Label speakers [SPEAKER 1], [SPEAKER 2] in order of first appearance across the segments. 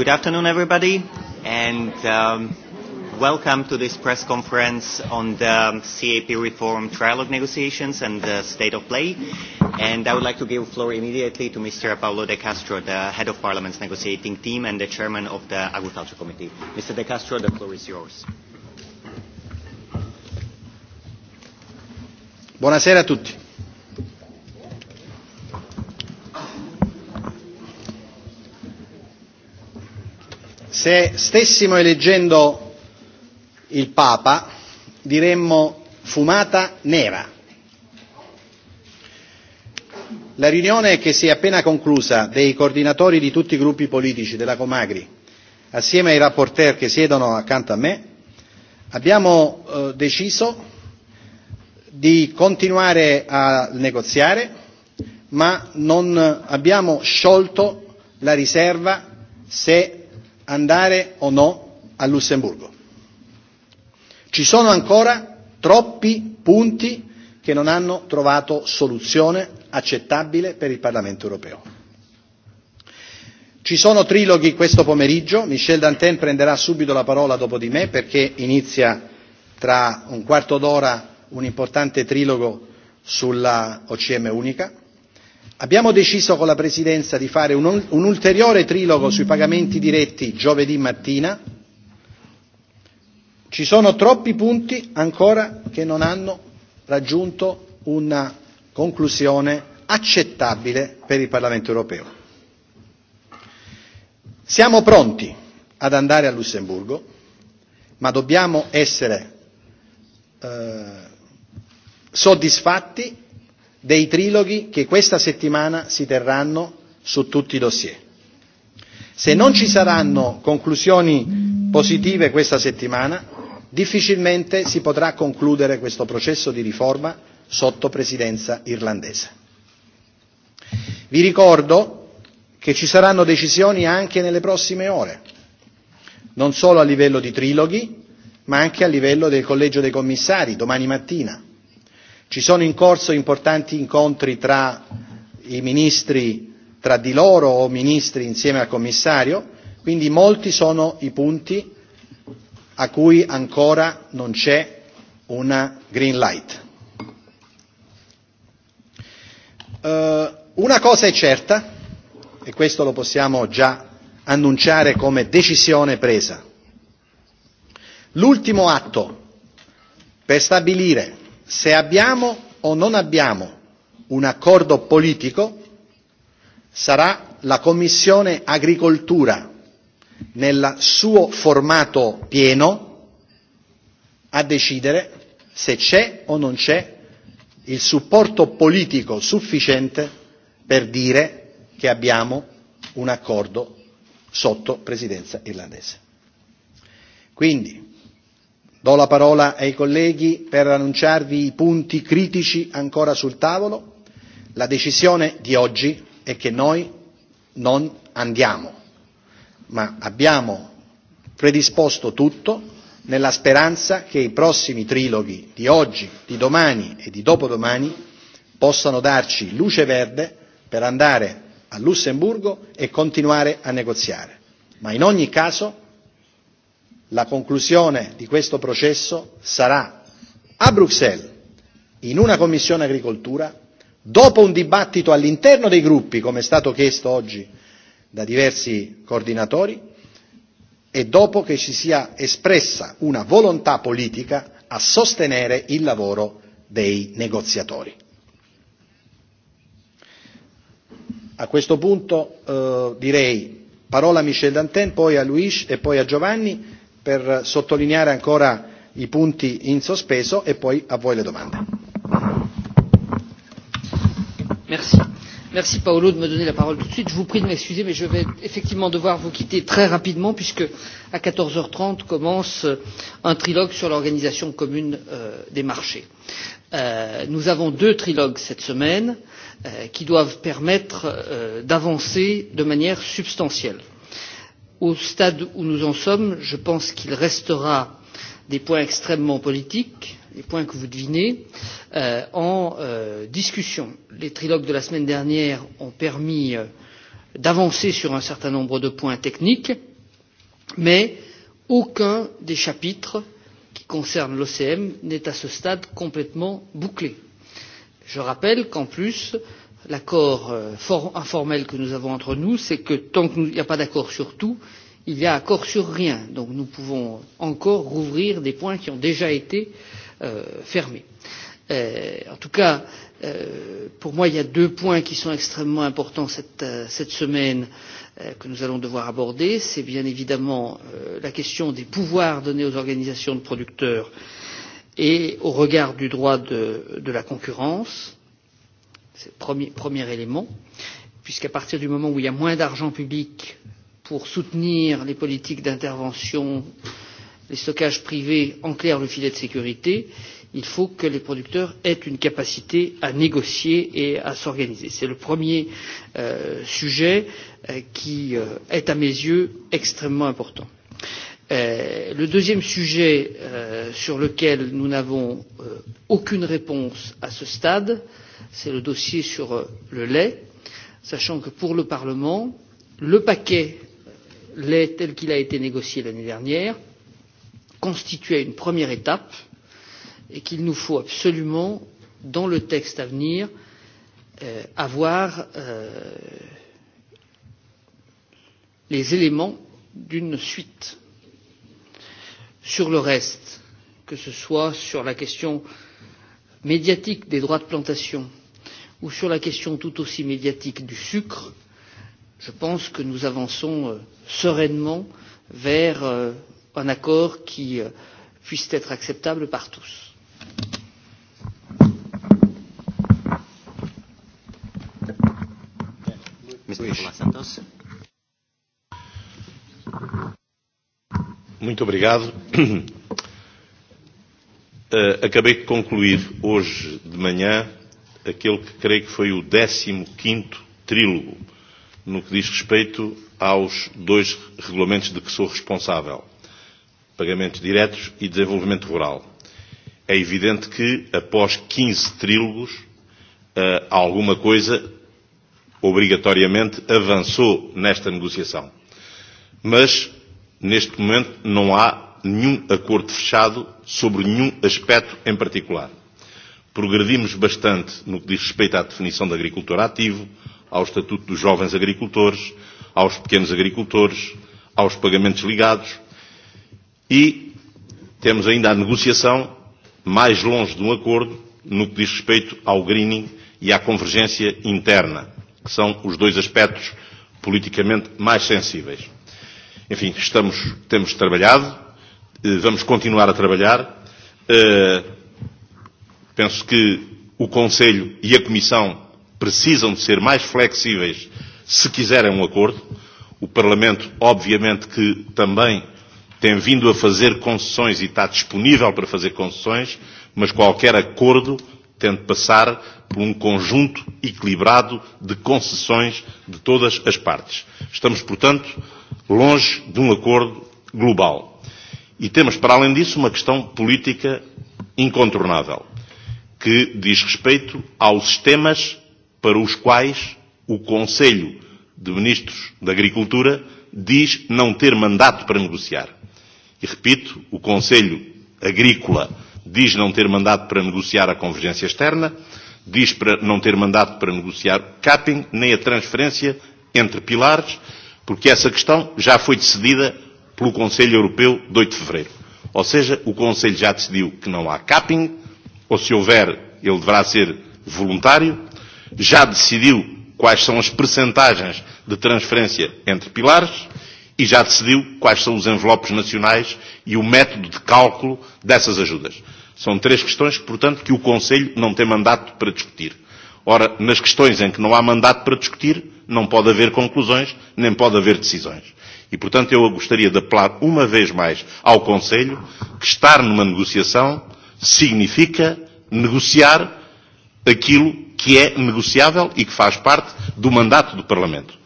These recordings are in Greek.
[SPEAKER 1] Good afternoon, everybody, and welcome to this press conference on the CAP reform trilogue negotiations and the state of play. And I would like to give the floor immediately to Mr. Paolo De Castro, the head of Parliament's negotiating team and the chairman of the Agriculture Committee. Mr. De Castro, the floor is yours.
[SPEAKER 2] Buonasera a tutti. Se stessimo eleggendo il Papa, diremmo fumata nera. La riunione che si è appena conclusa dei coordinatori di tutti i gruppi politici della Comagri, assieme ai rapporteur che siedono accanto a me, abbiamo deciso di continuare a negoziare, ma non abbiamo sciolto la riserva se andare o no a Lussemburgo. Ci sono ancora troppi punti che non hanno trovato soluzione accettabile per il Parlamento europeo. Ci sono triloghi questo pomeriggio, Michel Dantin prenderà subito la parola dopo di me perché inizia tra un quarto d'ora un importante trilogo sulla OCM unica. Abbiamo deciso con la Presidenza di fare un ulteriore trilogo sui pagamenti diretti giovedì mattina. Ci sono troppi punti ancora che non hanno raggiunto una conclusione accettabile per il Parlamento europeo. Siamo pronti ad andare a Lussemburgo, ma dobbiamo essere soddisfatti dei triloghi che questa settimana si terranno su tutti i dossier. Se non ci saranno conclusioni positive questa settimana, difficilmente si potrà concludere questo processo di riforma sotto presidenza irlandese. Vi ricordo che ci saranno decisioni anche nelle prossime ore, non solo a livello di triloghi, ma anche a livello del collegio dei commissari domani mattina Ci sono in corso importanti incontri tra i ministri, tra di loro o ministri insieme al commissario, quindi molti sono i punti a cui ancora non c'è una green light. Una cosa è certa, e questo lo possiamo già annunciare come decisione presa. L'ultimo atto per stabilire se abbiamo o non abbiamo un accordo politico sarà la Commissione Agricoltura nel suo formato pieno a decidere se c'è o non c'è il supporto politico sufficiente per dire che abbiamo un accordo sotto presidenza irlandese. Quindi Do la parola ai colleghi per annunciarvi i punti critici ancora sul tavolo. La decisione di oggi è che noi non andiamo, ma abbiamo predisposto tutto nella speranza che i prossimi triloghi di oggi, di domani e di dopodomani possano darci luce verde per andare a Lussemburgo e continuare a negoziare. Ma in ogni caso la conclusione di questo processo sarà a Bruxelles, in una Commissione Agricoltura, dopo un dibattito all'interno dei gruppi, come è stato chiesto oggi da diversi coordinatori, e dopo che ci sia espressa una volontà politica a sostenere il lavoro dei negoziatori. A questo punto direi parola a Michel Dantin, poi a Luis e poi a Giovanni per sottolineare ancora i punti in sospeso e poi a voi le domande.
[SPEAKER 3] Merci. Merci Paolo de me donner la parole tout de suite. Je vous prie de m'excuser, mais je vais effectivement devoir vous quitter très rapidement, puisque à 14h30 commence un trilogue sur l'organisation commune des marchés. Nous avons deux trilogues cette semaine qui doivent permettre d'avancer de manière substantielle Au stade où nous en sommes, je pense qu'il restera des points extrêmement politiques, les points que vous devinez, en discussion. Les trilogues de la semaine dernière ont permis d'avancer sur un certain nombre de points techniques, mais aucun des chapitres qui concernent l'OCM n'est à ce stade complètement bouclé. Je rappelle qu'en plus, l'accord informel que nous avons entre nous, c'est que tant qu'il n'y a pas d'accord sur tout, il n'y a accord sur rien. Donc nous pouvons encore rouvrir des points qui ont déjà été fermés. En tout cas, pour moi, il y a deux points qui sont extrêmement importants cette semaine que nous allons devoir aborder. C'est bien évidemment la question des pouvoirs donnés aux organisations de producteurs et au regard du droit de la concurrence Premier, premier élément, puisqu'à partir du moment où il y a moins d'argent public pour soutenir les politiques d'intervention, les stockages privés, en clair le filet de sécurité, il faut que les producteurs aient une capacité à négocier et à s'organiser. C'est le premier sujet qui est à mes yeux extrêmement important. Le deuxième sujet sur lequel nous n'avons aucune réponse à ce stade, c'est le dossier sur le lait, sachant que pour le Parlement, le paquet lait tel qu'il a été négocié l'année dernière constituait une première étape et qu'il nous faut absolument, dans le texte à venir, avoir les éléments d'une suite. Sur le reste, que ce soit sur la question médiatique des droits de plantation ou sur la question tout aussi médiatique du sucre, je pense que nous avançons sereinement vers un accord qui puisse être acceptable par tous.
[SPEAKER 4] Acabei de concluir hoje de manhã aquele que creio que foi o 15º trílogo no que diz respeito aos dois regulamentos de que sou responsável, pagamentos diretos e desenvolvimento rural. É evidente que, após 15 trílogos, alguma coisa, obrigatoriamente, avançou nesta negociação. Mas, neste momento, não há nenhum acordo fechado sobre nenhum aspecto em particular. Progredimos bastante no que diz respeito à definição de agricultor ativo, ao estatuto dos jovens agricultores, aos pequenos agricultores, aos pagamentos ligados e temos ainda a negociação mais longe de um acordo no que diz respeito ao greening e à convergência interna, que são os dois aspectos politicamente mais sensíveis. Enfim, estamos, temos trabalhado, vamos continuar a trabalhar. Penso que o Conselho e a Comissão precisam de ser mais flexíveis se quiserem um acordo. O Parlamento, obviamente, que também tem vindo a fazer concessões e está disponível para fazer concessões, mas qualquer acordo tem de passar por um conjunto equilibrado de concessões de todas as partes. Estamos, portanto, longe de um acordo global. E temos, para além disso, uma questão política incontornável, que diz respeito aos sistemas para os quais o Conselho de Ministros da Agricultura diz não ter mandato para negociar. E repito, o Conselho Agrícola diz não ter mandato para negociar a convergência externa, diz para não ter mandato para negociar capping, nem a transferência entre pilares, porque essa questão já foi decidida pelo Conselho Europeu de 8 de Fevereiro. Ou seja, o Conselho já decidiu que não há capping, ou se houver, ele deverá ser voluntário, já decidiu quais são as percentagens de transferência entre pilares e já decidiu quais são os envelopes nacionais e o método de cálculo dessas ajudas. São três questões, portanto, que o Conselho não tem mandato para discutir. Ora, nas questões em que não há mandato para discutir, não pode haver conclusões, nem pode haver decisões. E, portanto, eu gostaria de apelar uma vez mais ao Conselho que estar numa negociação significa negociar aquilo que é negociável e que faz parte do mandato do Parlamento.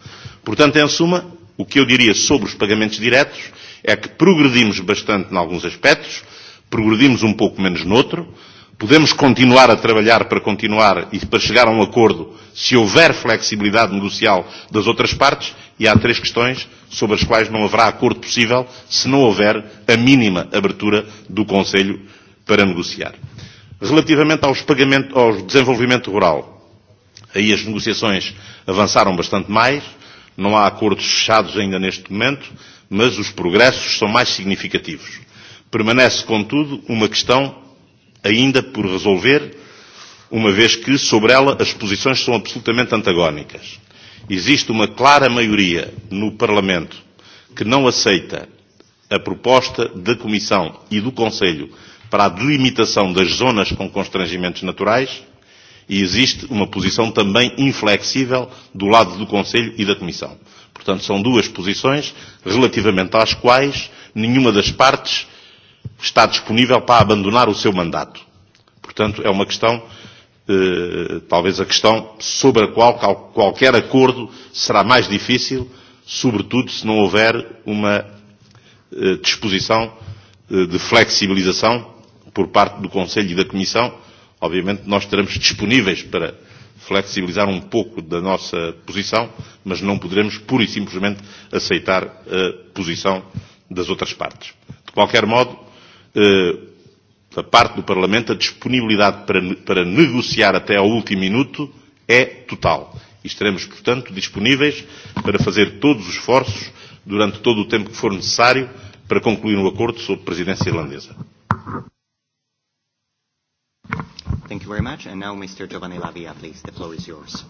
[SPEAKER 4] Portanto, em suma, o que eu diria sobre os pagamentos diretos é que progredimos bastante em alguns aspectos, progredimos um pouco menos noutro, podemos continuar a trabalhar para continuar e para chegar a um acordo se houver flexibilidade negocial das outras partes e há três questões sobre as quais não haverá acordo possível se não houver a mínima abertura do Conselho para negociar. Relativamente aos pagamentos, ao desenvolvimento rural, aí as negociações avançaram bastante mais, não há acordos fechados ainda neste momento, mas os progressos são mais significativos. Permanece, contudo, uma questão ainda por resolver, uma vez que, sobre ela, as posições são absolutamente antagónicas. Existe uma clara maioria no Parlamento que não aceita a proposta da Comissão e do Conselho para a delimitação das zonas com constrangimentos naturais e existe uma posição também inflexível do lado do Conselho e da Comissão. Portanto, são duas posições relativamente às quais nenhuma das partes está disponível para abandonar o seu mandato. Portanto, é uma questão, talvez a questão sobre a qual qualquer acordo será mais difícil, sobretudo se não houver uma disposição de flexibilização por parte do Conselho e da Comissão. Obviamente nós estaremos disponíveis para flexibilizar um pouco da nossa posição, mas não poderemos pura e simplesmente aceitar a posição das outras partes. De qualquer modo, da parte do Parlamento, a disponibilidade para negociar até ao último minuto é total. E estaremos, portanto, disponíveis para fazer todos os esforços durante todo o tempo que for necessário para concluir um acordo sobre a presidência irlandesa.
[SPEAKER 1] Thank you very much. And now Mr. Giovanni Lavia, please. The floor is yours.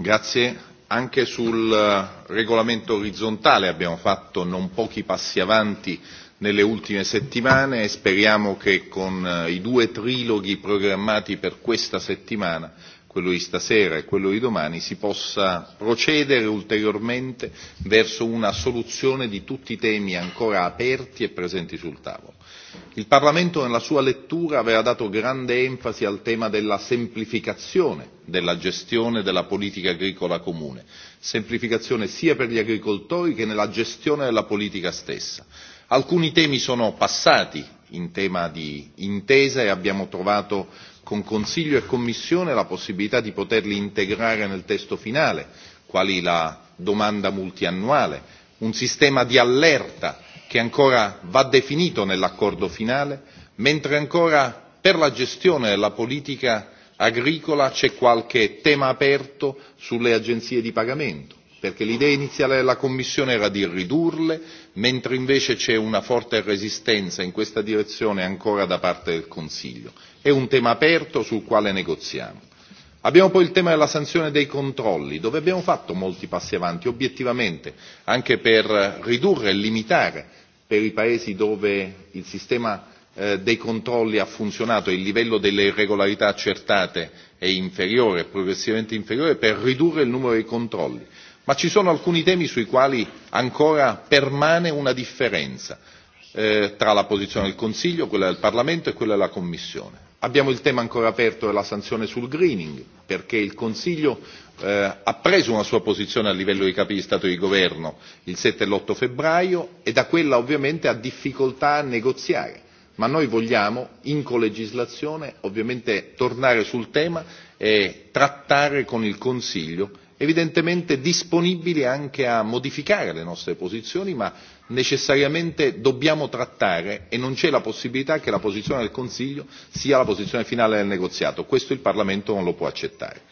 [SPEAKER 5] Grazie Anche sul regolamento orizzontale abbiamo fatto non pochi passi avanti nelle ultime settimane e speriamo che con i due triloghi programmati per questa settimana quello di stasera e quello di domani, si possa procedere ulteriormente verso una soluzione di tutti i temi ancora aperti e presenti sul tavolo. Il Parlamento nella sua lettura aveva dato grande enfasi al tema della semplificazione della gestione della politica agricola comune, semplificazione sia per gli agricoltori che nella gestione della politica stessa. Alcuni temi sono passati in tema di intesa e abbiamo trovato con Consiglio e Commissione la possibilità di poterli integrare nel testo finale, quali la domanda multiannuale, un sistema di allerta che ancora va definito nell'accordo finale, mentre ancora per la gestione della politica agricola c'è qualche tema aperto sulle agenzie di pagamento, perché l'idea iniziale della Commissione era di ridurle, mentre invece c'è una forte resistenza in questa direzione ancora da parte del Consiglio è un tema aperto sul quale negoziamo. Abbiamo poi il tema della sanzione dei controlli, dove abbiamo fatto molti passi avanti, obiettivamente, anche per ridurre e limitare per i paesi dove il sistema dei controlli ha funzionato e il livello delle irregolarità accertate è inferiore, progressivamente inferiore, per ridurre il numero dei controlli. Ma ci sono alcuni temi sui quali ancora permane una differenza tra la posizione del Consiglio, quella del Parlamento e quella della Commissione Abbiamo il tema ancora aperto della sanzione sul greening, perché il Consiglio ha preso una sua posizione a livello dei capi di Stato e di Governo il 7 e l'8 febbraio e da quella ovviamente ha difficoltà a negoziare, ma noi vogliamo in colegislazione ovviamente tornare sul tema e trattare con il Consiglio evidentemente disponibili anche a modificare le nostre posizioni ma necessariamente dobbiamo trattare e non c'è la possibilità che la posizione del consiglio sia la posizione finale del negoziato questo il parlamento non lo può accettare.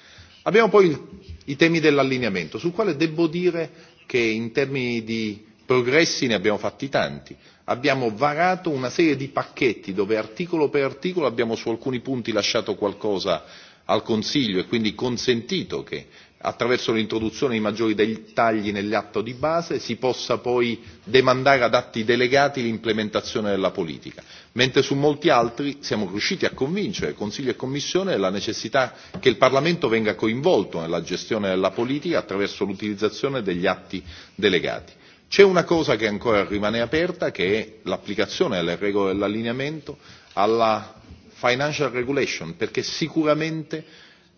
[SPEAKER 5] abbiamo poi i temi dell'allineamento sul quale devo dire che in termini di progressi ne abbiamo fatti tanti abbiamo varato una serie di pacchetti dove articolo per articolo abbiamo su alcuni punti lasciato qualcosa al consiglio e quindi consentito che attraverso l'introduzione di maggiori dettagli nell'atto di base si possa poi demandare ad atti delegati l'implementazione della politica mentre su molti altri siamo riusciti a convincere consiglio e commissione della necessità che il parlamento venga coinvolto nella gestione della politica attraverso l'utilizzazione degli atti delegati. c'è una cosa che ancora rimane aperta che è l'applicazione delle regole dell'allineamento alla financial regulation perché sicuramente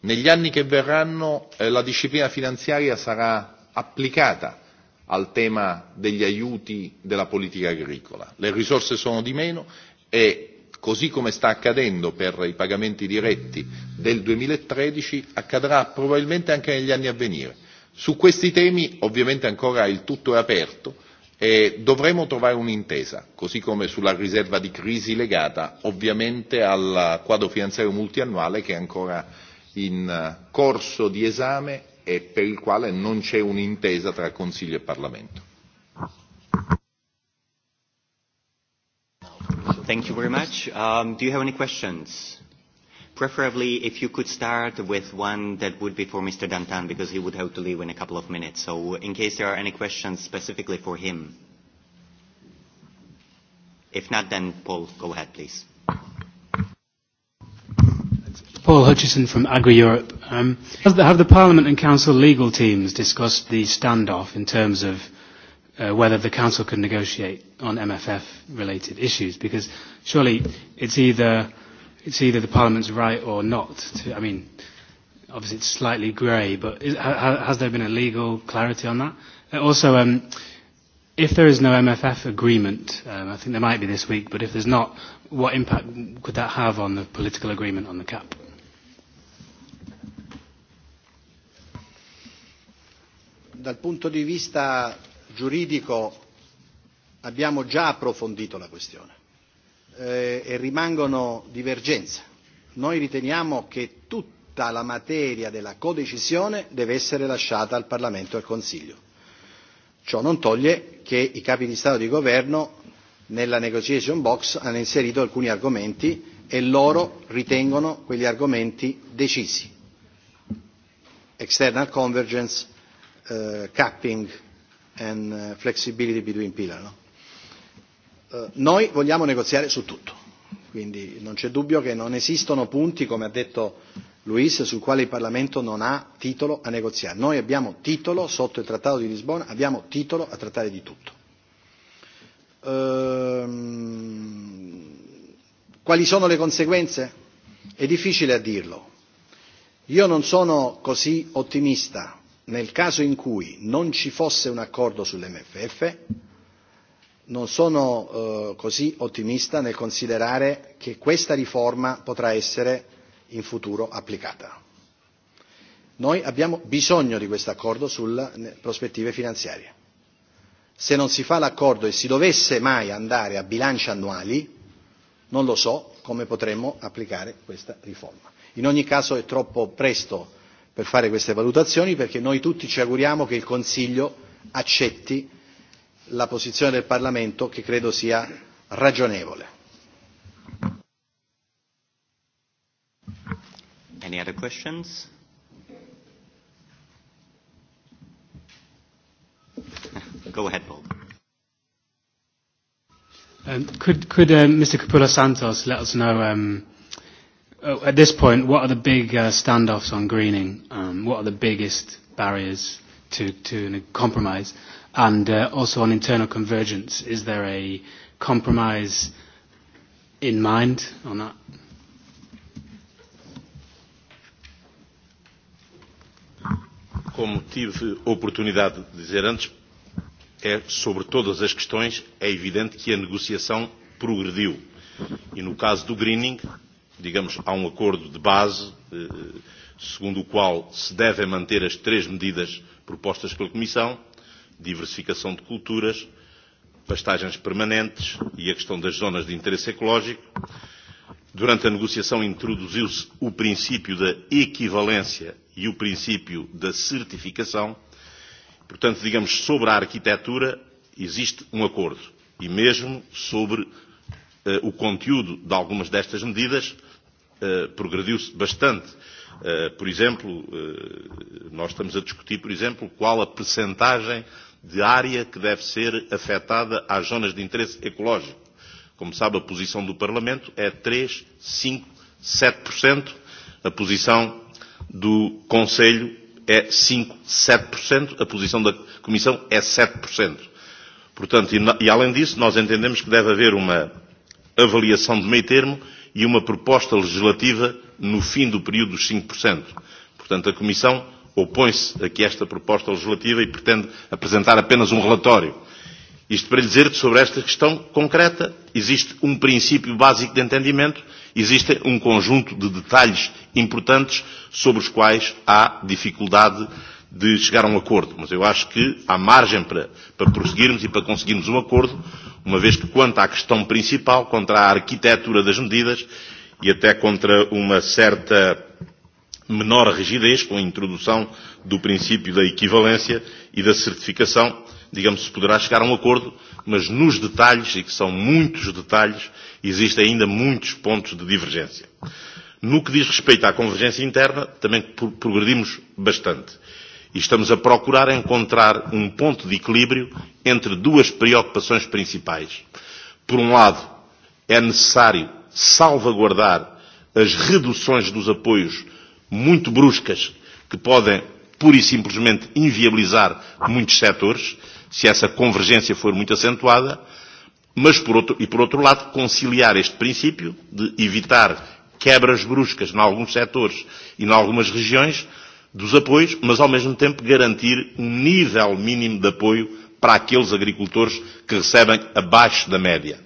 [SPEAKER 5] Negli anni che verranno la disciplina finanziaria sarà applicata al tema degli aiuti della politica agricola. Le risorse sono di meno e così come sta accadendo per i pagamenti diretti del 2013 accadrà probabilmente anche negli anni a venire. Su questi temi ovviamente ancora il tutto è aperto e dovremo trovare un'intesa, così come sulla riserva di crisi legata ovviamente al quadro finanziario multiannuale che è ancora in corso di esame e per il quale non c'è un'intesa tra Consiglio e Parlamento. Thank you very much. Um, do you have any
[SPEAKER 1] questions? Preferably, if you could start with one that would be for Mr. Dantan, because he would have to leave in a couple of minutes. So, in case there are any questions specifically for him. If not, then Paul, go ahead, please.
[SPEAKER 6] Paul Hutchison from Agri-Europe. Have the Parliament and Council legal teams discussed the standoff in terms of whether the Council can negotiate on MFF-related issues? Because surely it's either it's either the Parliament's right or not. To, I mean, obviously it's slightly grey, but has there been a legal clarity on that? Also, um, if there is no MFF agreement, um, I think there might be this week, but if there's not, what impact could that have on the political agreement on the CAP?
[SPEAKER 2] dal punto di vista giuridico abbiamo già approfondito la questione e rimangono divergenze. Noi riteniamo che tutta la materia della codecisione deve essere lasciata al Parlamento e al Consiglio. Ciò non toglie che i capi di Stato e di Governo nella negotiation box hanno inserito alcuni argomenti e loro ritengono quegli argomenti decisi. External convergence, capping and flexibility between pillar. Noi vogliamo negoziare su tutto, quindi non c'è dubbio che non esistono punti, come ha detto Luis, sul quale il Parlamento non ha titolo a negoziare. Noi abbiamo titolo, sotto il Trattato di Lisbona, abbiamo titolo a trattare di tutto. Quali sono le conseguenze? È difficile a dirlo. Io non sono così ottimista nel caso in cui non ci fosse un accordo sull'MFF, non sono così ottimista nel considerare che questa riforma potrà essere in futuro applicata. Noi abbiamo bisogno di questo accordo sulle prospettive finanziarie. Se non si fa l'accordo e si dovesse mai andare a bilanci annuali, non lo so come potremmo applicare questa riforma. In ogni caso è troppo presto per fare queste valutazioni perché noi tutti ci auguriamo che il Consiglio accetti la posizione del Parlamento che credo sia ragionevole.
[SPEAKER 1] Any other questions?
[SPEAKER 6] Go ahead, Paul. Um, could could Mr. Capula Santos let us know At this point, what are the big standoffs on greening? What are the biggest barriers to to compromise? And also on internal convergence, is there a compromise in mind on that?
[SPEAKER 4] Como tive oportunidade de dizer antes, é sobre todas as questões é evidente que a negociação progrediu. E no caso do greening digamos, há um acordo de base, segundo o qual se devem manter as três medidas propostas pela Comissão, diversificação de culturas, pastagens permanentes e a questão das zonas de interesse ecológico. Durante a negociação introduziu-se o princípio da equivalência e o princípio da certificação. Portanto, digamos, sobre a arquitetura existe um acordo e mesmo sobre o conteúdo de algumas destas medidas progrediu-se bastante. Por exemplo, nós estamos a discutir, por exemplo, qual a percentagem de área que deve ser afetada às zonas de interesse ecológico. Como sabe, a posição do Parlamento é 3, 5, 7%. A posição do Conselho é 5, 7%. A posição da Comissão é 7%. Portanto, e além disso, nós entendemos que deve haver uma avaliação de meio termo e uma proposta legislativa no fim do período dos 5%. Portanto, a Comissão opõe-se a que esta proposta legislativa e pretende apresentar apenas um relatório. Isto para lhe dizer que sobre esta questão concreta existe um princípio básico de entendimento, existe um conjunto de detalhes importantes sobre os quais há dificuldade de chegar a um acordo, mas eu acho que há margem para, para prosseguirmos e para conseguirmos um acordo, uma vez que quanto à questão principal, contra a arquitetura das medidas e até contra uma certa menor rigidez com a introdução do princípio da equivalência e da certificação, digamos, se poderá chegar a um acordo, mas nos detalhes, e que são muitos detalhes, existem ainda muitos pontos de divergência. No que diz respeito à convergência interna, também progredimos bastante e estamos a procurar encontrar um ponto de equilíbrio entre duas preocupações principais. Por um lado, é necessário salvaguardar as reduções dos apoios muito bruscas que podem pura e simplesmente inviabilizar muitos setores, se essa convergência for muito acentuada, mas por outro, e por outro lado conciliar este princípio de evitar quebras bruscas em alguns setores e em algumas regiões dos apoios, mas ao mesmo tempo garantir um nível mínimo de apoio para aqueles agricultores que recebem abaixo da média.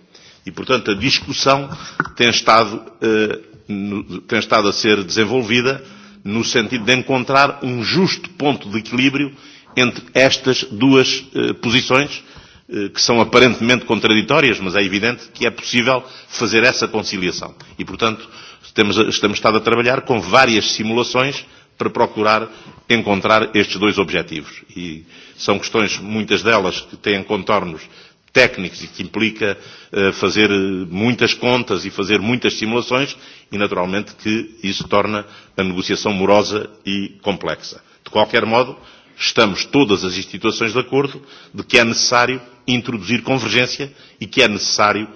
[SPEAKER 4] E, portanto, a discussão tem estado, tem estado a ser desenvolvida no sentido de encontrar um justo ponto de equilíbrio entre estas duas posições, que são aparentemente contraditórias, mas é evidente que é possível fazer essa conciliação. E, portanto, temos, estamos estado a trabalhar com várias simulações para procurar encontrar estes dois objetivos. E são questões, muitas delas, que têm contornos técnicos e que implica fazer muitas contas e fazer muitas simulações e, naturalmente, que isso torna a negociação morosa e complexa. De qualquer modo, estamos todas as instituições de acordo de que é necessário introduzir convergência e que é necessário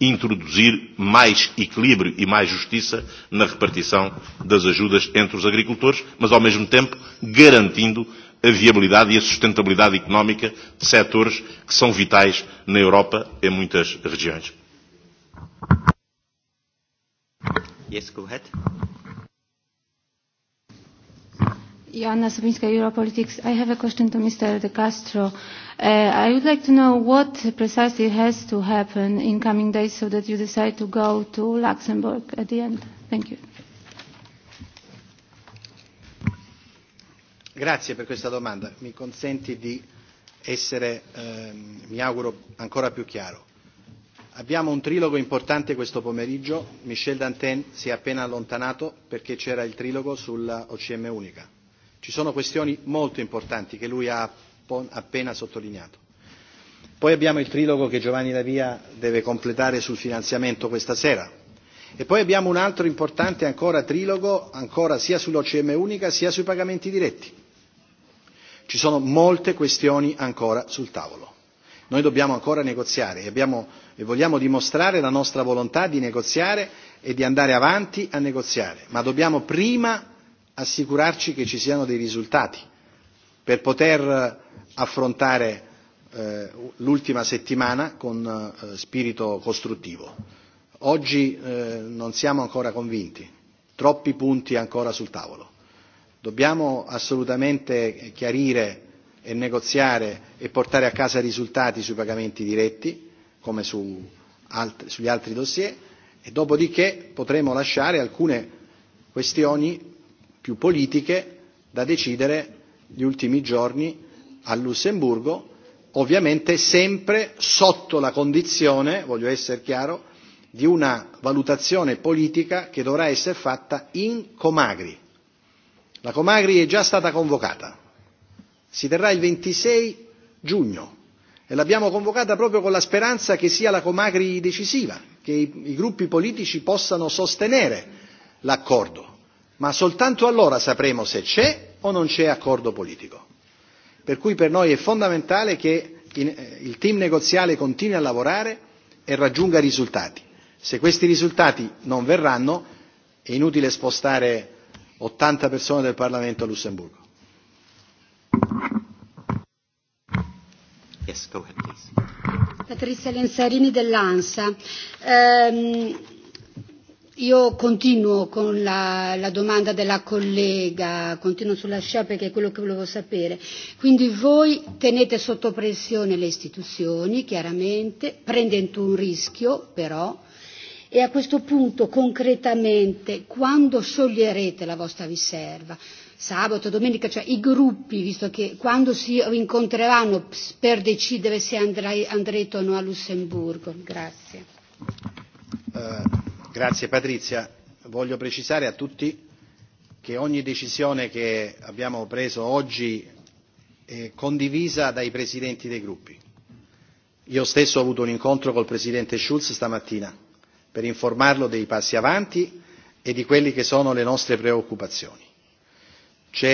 [SPEAKER 4] introduzir mais equilíbrio e mais justiça na repartição das ajudas entre os agricultores, mas ao mesmo tempo garantindo a viabilidade e a sustentabilidade económica de setores que são vitais na Europa em muitas regiões.
[SPEAKER 1] Yes,
[SPEAKER 3] Joanna Sobinska, Europolitics. I have a question to Mr. De Castro. I would like to know what precisely has to happen in coming days so that you decide to go to Luxembourg at the end. Thank you.
[SPEAKER 2] Grazie per questa domanda. Mi consenti di essere, mi auguro, ancora più chiaro. Abbiamo un trilogo importante questo pomeriggio. Michel Dantin si è appena allontanato perché c'era il trilogo sulla OCM unica. Ci sono questioni molto importanti che lui ha appena sottolineato. Poi abbiamo il trilogo che Giovanni Lavia deve completare sul finanziamento questa sera. E poi abbiamo un altro importante ancora trilogo, ancora sia sull'OCM unica sia sui pagamenti diretti. Ci sono molte questioni ancora sul tavolo. Noi dobbiamo ancora negoziare e vogliamo dimostrare la nostra volontà di negoziare e di andare avanti a negoziare, ma dobbiamo prima assicurarci che ci siano dei risultati per poter affrontare l'ultima settimana con spirito costruttivo. Oggi non siamo ancora convinti, troppi punti ancora sul tavolo. Dobbiamo assolutamente chiarire e negoziare e portare a casa risultati sui pagamenti diretti, come su sugli altri dossier, e dopodiché potremo lasciare alcune questioni più politiche da decidere gli ultimi giorni a Lussemburgo, ovviamente sempre sotto la condizione, voglio essere chiaro, di una valutazione politica che dovrà essere fatta in Comagri. La Comagri è già stata convocata, si terrà il 26 giugno e l'abbiamo convocata proprio con la speranza che sia la Comagri decisiva, che i gruppi politici possano sostenere l'accordo ma soltanto allora sapremo se c'è o non c'è accordo politico. Per cui per noi è fondamentale che il team negoziale continui a lavorare e raggiunga risultati. Se questi risultati non verranno è inutile spostare 80 persone del Parlamento a Lussemburgo.
[SPEAKER 1] Yes, go ahead,
[SPEAKER 5] Patrizia Lenzarini dell'ANSA. Io continuo con la, la domanda della collega, continuo sulla scia perché è quello che volevo sapere. Quindi voi tenete sotto pressione le istituzioni, chiaramente, prendendo un rischio però, e a questo punto concretamente quando scioglierete la vostra riserva? sabato, domenica, cioè i gruppi, visto che quando si incontreranno per decidere se andrete o no a
[SPEAKER 6] Lussemburgo. Grazie.
[SPEAKER 2] Grazie Patrizia. Voglio precisare a tutti che ogni decisione che abbiamo preso oggi è condivisa dai presidenti dei gruppi. Io stesso ho avuto un incontro col presidente Schulz stamattina per informarlo dei passi avanti e di quelle che sono le nostre preoccupazioni. C'è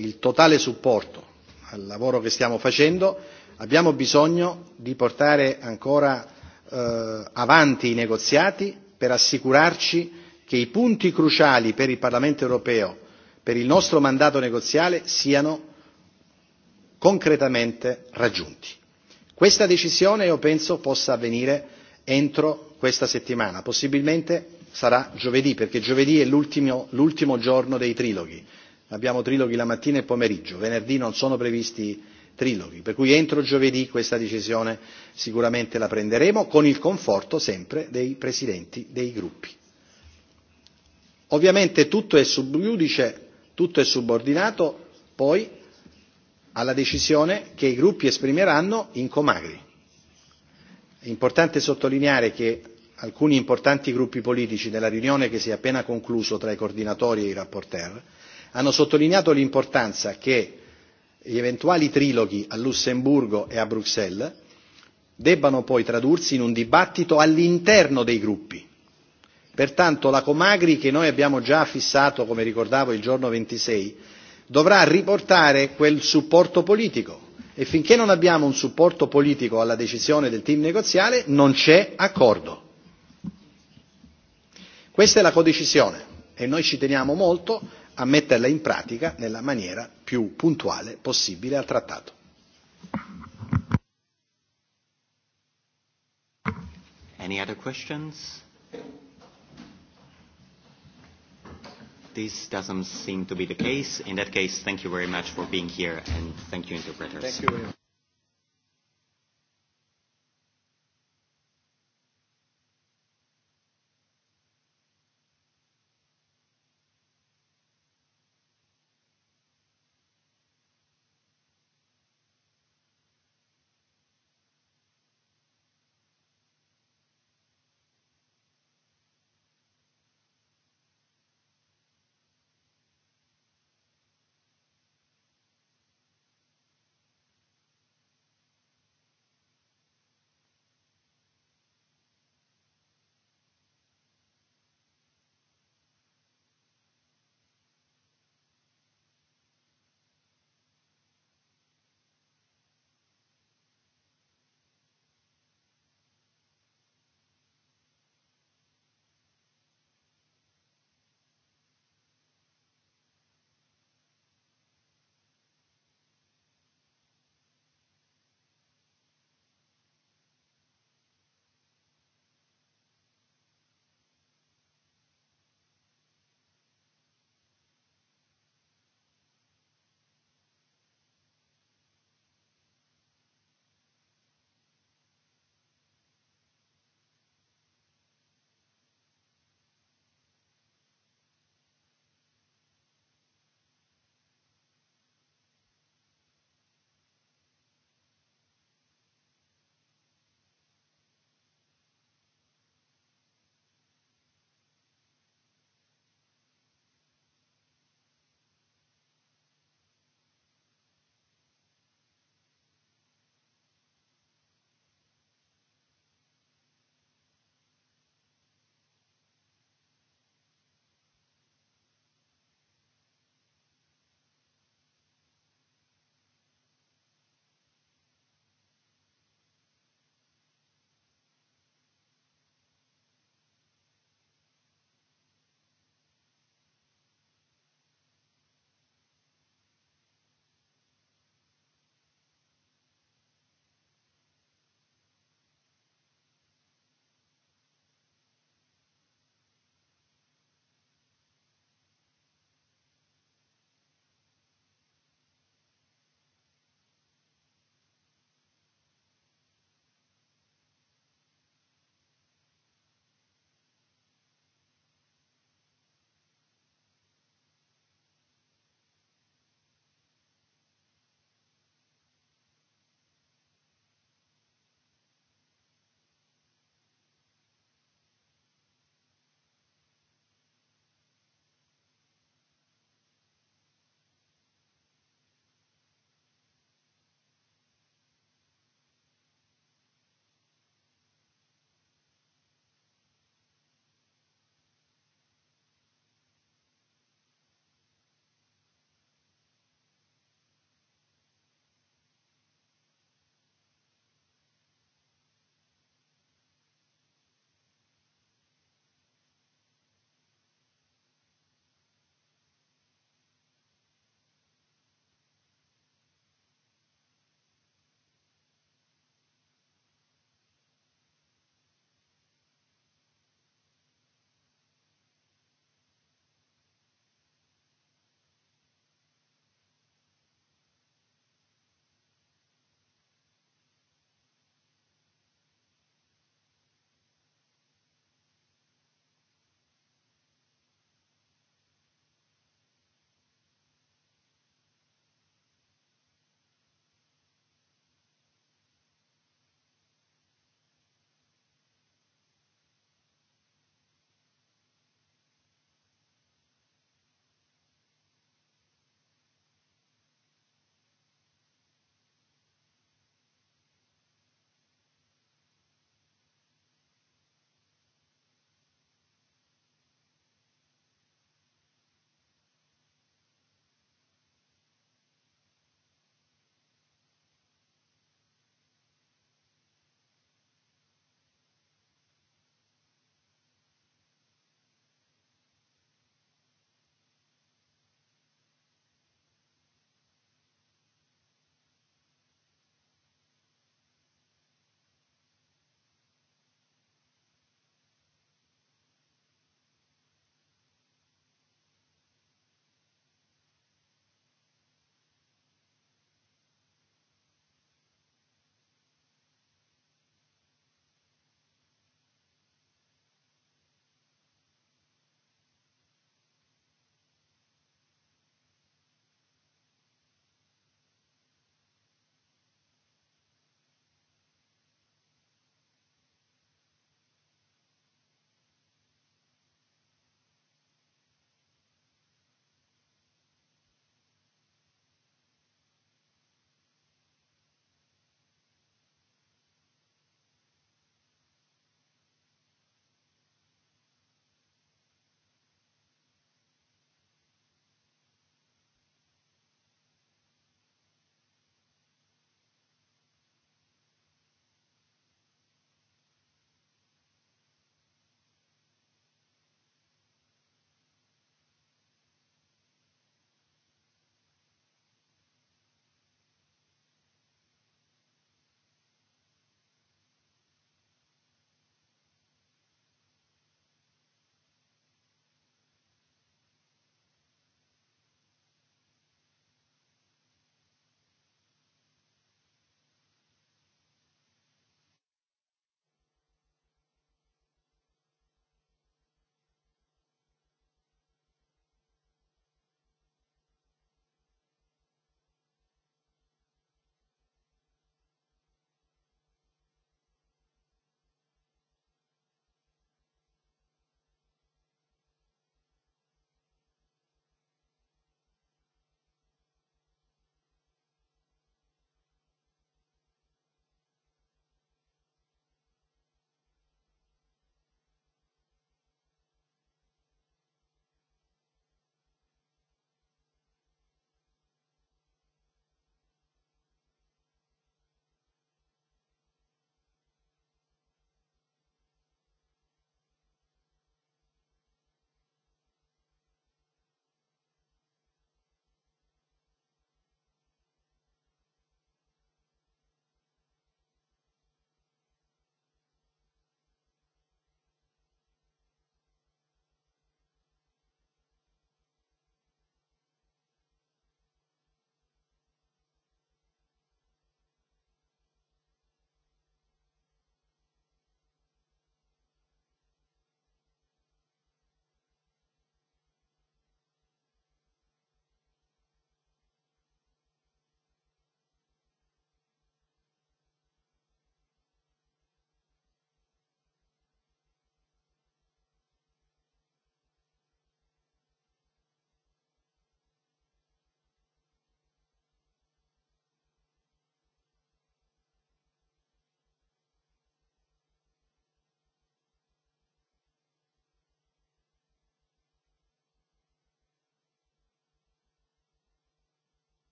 [SPEAKER 2] il totale supporto al lavoro che stiamo facendo, abbiamo bisogno di portare ancora avanti i negoziati per assicurarci che i punti cruciali per il Parlamento europeo, per il nostro mandato negoziale, siano concretamente raggiunti. Questa decisione, io penso, possa avvenire entro questa settimana, possibilmente sarà giovedì, perché giovedì è l'ultimo giorno dei triloghi. Abbiamo triloghi la mattina e pomeriggio, venerdì non sono previsti triloghi. Per cui entro giovedì questa decisione sicuramente la prenderemo con il conforto sempre dei presidenti dei gruppi. Ovviamente tutto è sub tutto è subordinato poi alla decisione che i gruppi esprimeranno in Comagri. È importante sottolineare che alcuni importanti gruppi politici nella riunione che si è appena concluso tra i coordinatori e i rapporteur hanno sottolineato l'importanza che gli eventuali triloghi a Lussemburgo e a Bruxelles debbano poi tradursi in un dibattito all'interno dei gruppi. Pertanto la Comagri che noi abbiamo già fissato, come ricordavo, il giorno 26, dovrà riportare quel supporto politico e finché non abbiamo un supporto politico alla decisione del team negoziale non c'è accordo. Questa è la codecisione e noi ci teniamo molto a metterla in pratica nella maniera più puntuale possibile al trattato.
[SPEAKER 1] Any other questions? This doesn't seem to be the case. In that case, thank you very much for being here and thank you interpreters. Thank you.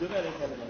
[SPEAKER 6] Döverek elmez.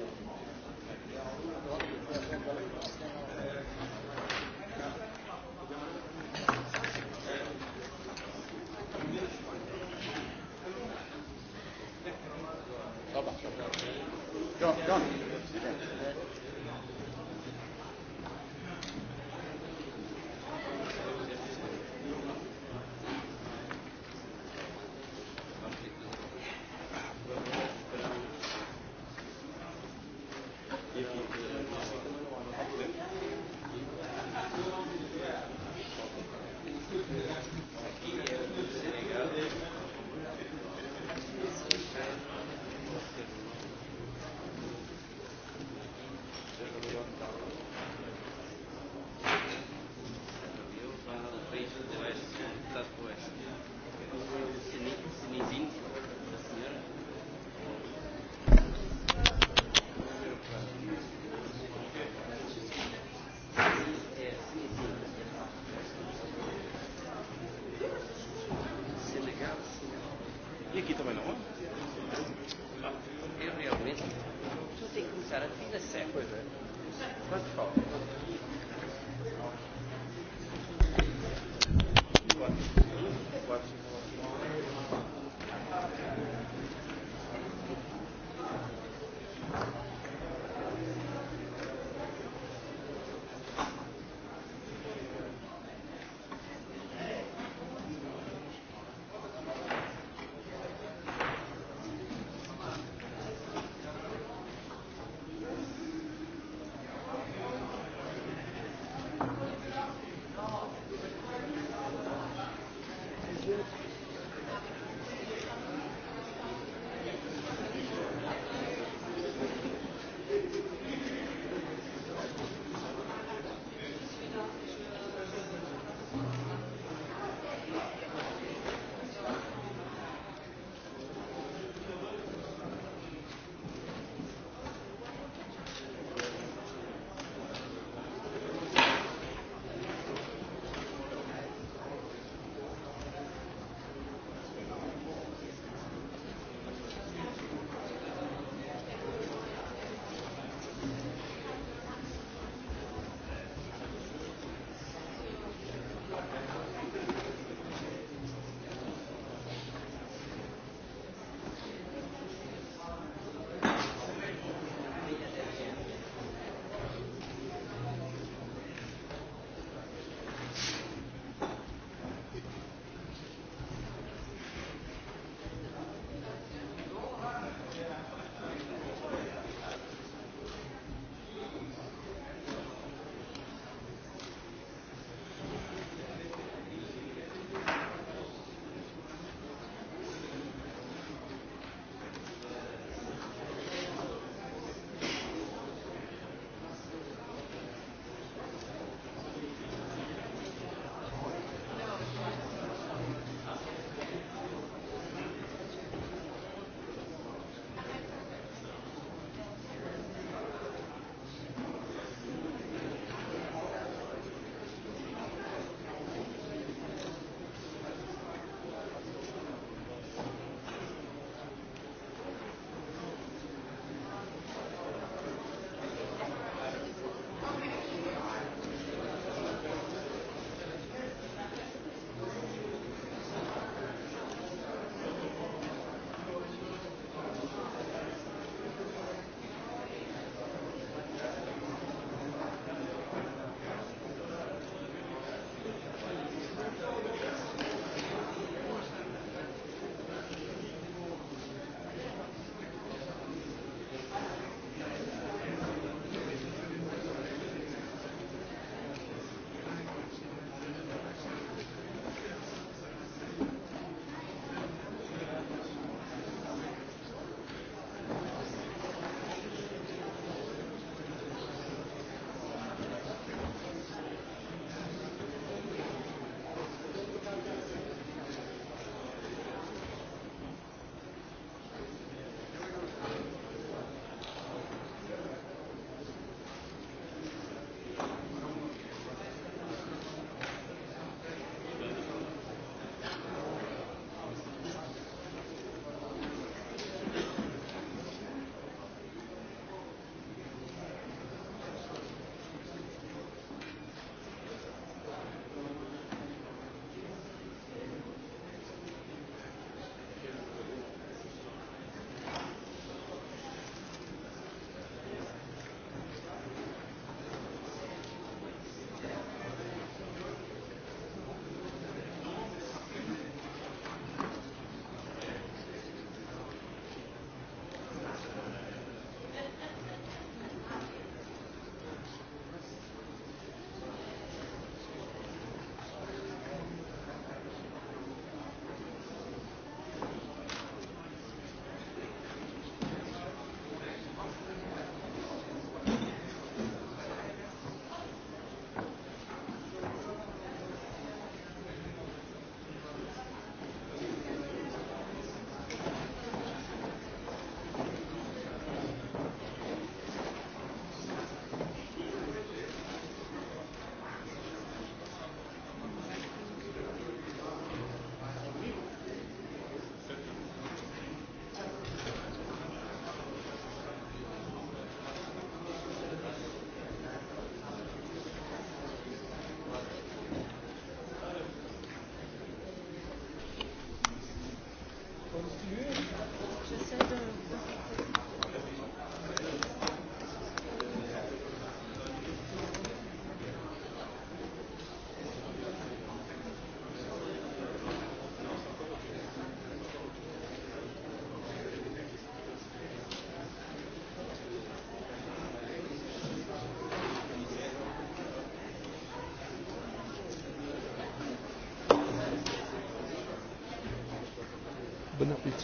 [SPEAKER 4] Certo. Quanto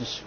[SPEAKER 4] AUTHORWAVE